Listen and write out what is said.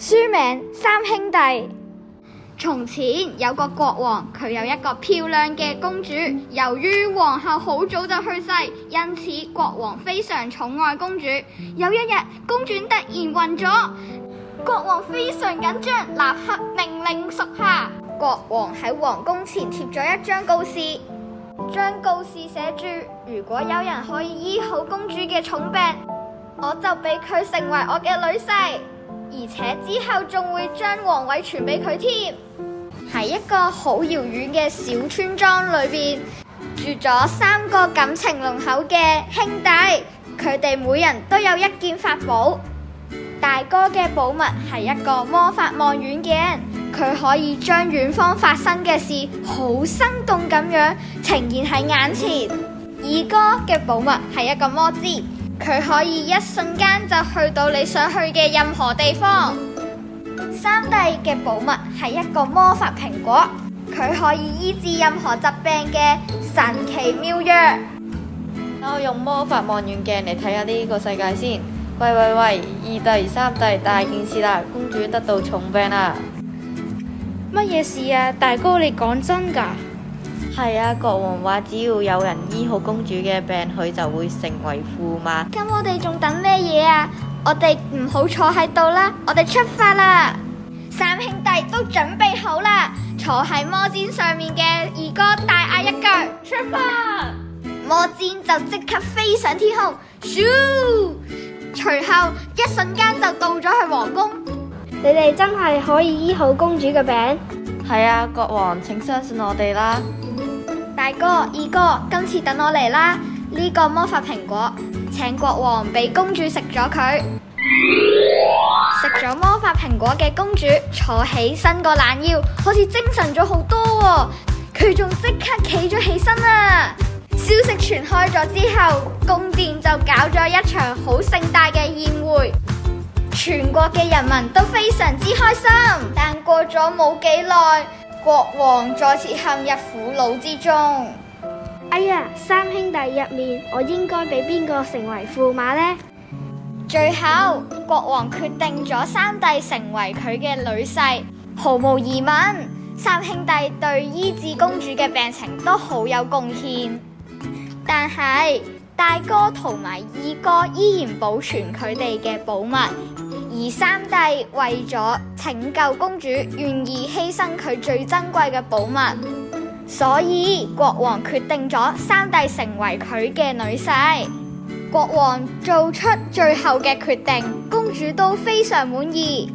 書名《三兄弟》從。從前有個國王，佢有一個漂亮嘅公主。由於皇后好早就去世，因此國王非常寵愛公主。有一日，公主突然暈咗，國王非常緊張，立刻命令屬下。國王喺皇宮前貼咗一張告示，張告示寫住：如果有人可以醫好公主嘅重病，我就俾佢成為我嘅女婿。而且之後仲會將王位傳俾佢添。喺一個好遙遠嘅小村莊裏邊，住咗三個感情濃厚嘅兄弟。佢哋每人都有一件法寶。大哥嘅寶物係一個魔法望遠鏡，佢可以將遠方發生嘅事好生動咁樣呈現喺眼前。二哥嘅寶物係一個魔珠。佢可以一瞬間就去到你想去嘅任何地方。三弟嘅寶物係一個魔法蘋果，佢可以醫治任何疾病嘅神奇妙藥。我用魔法望遠鏡嚟睇下呢個世界先。喂喂喂，二弟、三弟，大件事啦，公主得到重病啦。乜嘢事啊？大哥你講真㗎？係啊！國王話只要有人醫好公主嘅病，佢就會成為駙馬。咁我哋仲等咩嘢啊？我哋唔好坐喺度啦，我哋出發啦！三兄弟都準備好啦，坐喺魔毯上面嘅二哥大嗌一句：出發！魔毯就即刻飛上天空，咻！隨後一瞬間就到咗去皇宮。你哋真係可以醫好公主嘅病？係啊，國王，請相信我哋啦！大哥、二哥，今次等我嚟啦！呢、這個魔法蘋果，請國王俾公主食咗佢。食咗、嗯、魔法蘋果嘅公主坐起身個懶腰，好似精神咗好多喎、哦。佢仲即刻企咗起身啦、啊。消息傳開咗之後，宮殿就搞咗一場好盛大嘅宴會，全國嘅人民都非常之開心。但過咗冇幾耐。國王再次陷入苦惱之中。哎呀，三兄弟入面，我應該俾邊個成為駙馬呢？最後，國王決定咗三弟成為佢嘅女婿，毫無疑問，三兄弟對醫治公主嘅病情都好有貢獻。但係，大哥同埋二哥依然保存佢哋嘅寶物。而三弟為咗拯救公主，願意犧牲佢最珍貴嘅寶物，所以國王決定咗三弟成為佢嘅女婿。國王做出最後嘅決定，公主都非常滿意。